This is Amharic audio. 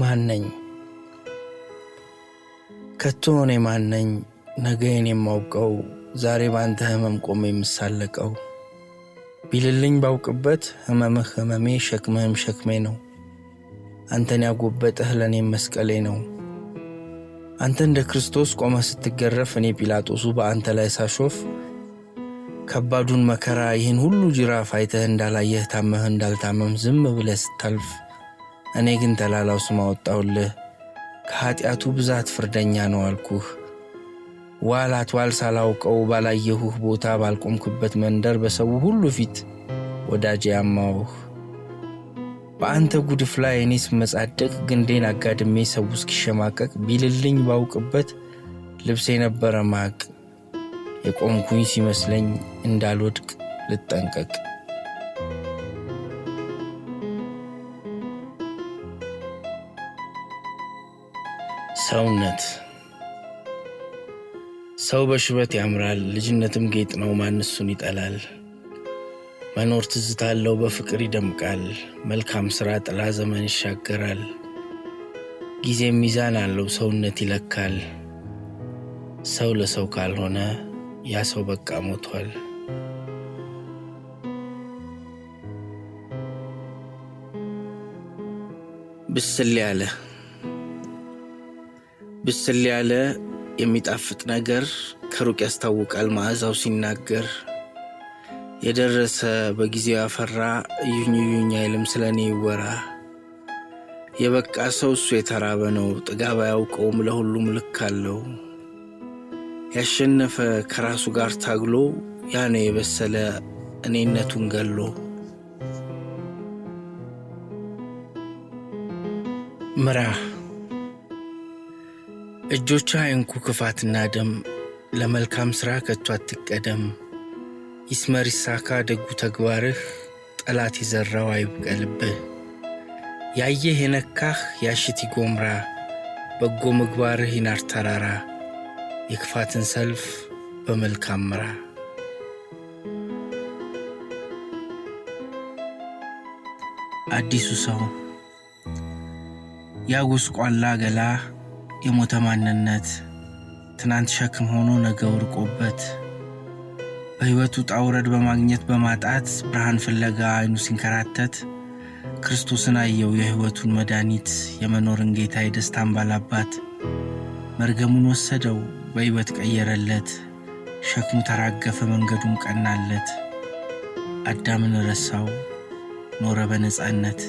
ማን ነኝ? ከቶ እኔ ማን ነኝ? ነገዬን የማውቀው ዛሬ በአንተ ህመም ቆሜ የምሳለቀው ቢልልኝ ባውቅበት ህመምህ ህመሜ ሸክምህም ሸክሜ ነው። አንተን ያጎበጠህ ለእኔም መስቀሌ ነው። አንተ እንደ ክርስቶስ ቆመ ስትገረፍ እኔ ጲላጦሱ በአንተ ላይ ሳሾፍ ከባዱን መከራ ይህን ሁሉ ጅራፍ አይተህ እንዳላየህ ታመህ እንዳልታመም ዝም ብለህ ስታልፍ እኔ ግን ተላላው ስም አወጣውልህ፣ ከኀጢአቱ ብዛት ፍርደኛ ነው አልኩህ። ዋላት ዋል ሳላውቀው ባላየሁህ ቦታ ባልቆምክበት መንደር በሰው ሁሉ ፊት ወዳጄ ያማውህ በአንተ ጉድፍ ላይ እኔ ስመጻደቅ ግንዴን አጋድሜ ሰው እስኪሸማቀቅ ቢልልኝ ባውቅበት ልብስ የነበረ ማቅ የቆምኩኝ ሲመስለኝ እንዳልወድቅ ልጠንቀቅ። ሰውነት ሰው በሽበት ያምራል፣ ልጅነትም ጌጥ ነው፣ ማንሱን ይጠላል? መኖር ትዝታለው አለው፣ በፍቅር ይደምቃል፣ መልካም ሥራ ጥላ ዘመን ይሻገራል። ጊዜም ሚዛን አለው፣ ሰውነት ይለካል። ሰው ለሰው ካልሆነ ያ ሰው በቃ ሞቷል። ብስል ያለ ብስል ያለ የሚጣፍጥ ነገር ከሩቅ ያስታውቃል መዓዛው ሲናገር የደረሰ በጊዜው ያፈራ እዩኝ እዩኝ አይልም ስለኔ ይወራ የበቃ ሰው እሱ የተራበ ነው ጥጋብ አያውቀውም ለሁሉም ልክ አለው ያሸነፈ ከራሱ ጋር ታግሎ ያ ነው የበሰለ እኔነቱን ገሎ ምራህ እጆችህ አይንኩ ክፋትና ደም፣ ለመልካም ሥራ ከቶ አትቀደም። ይስመር ይሳካ ደጉ ተግባርህ፣ ጠላት የዘራው አይብቀልብህ። ያየህ የነካህ ያሽት ይጎምራ፣ በጎ ምግባርህ ይናር ተራራ። የክፋትን ሰልፍ በመልካም ምራ። አዲሱ ሰው ያ ቋላ ገላ የሞተ ማንነት ትናንት ሸክም ሆኖ ነገ ወርቆበት በሕይወቱ ጣውረድ በማግኘት በማጣት ብርሃን ፍለጋ አይኑ ሲንከራተት ክርስቶስን አየው የሕይወቱን መድኃኒት የመኖርን ጌታ የደስታን ባላባት መርገሙን ወሰደው በሕይወት ቀየረለት ሸክሙ ተራገፈ መንገዱን ቀናለት አዳምን ረሳው ኖረ በነፃነት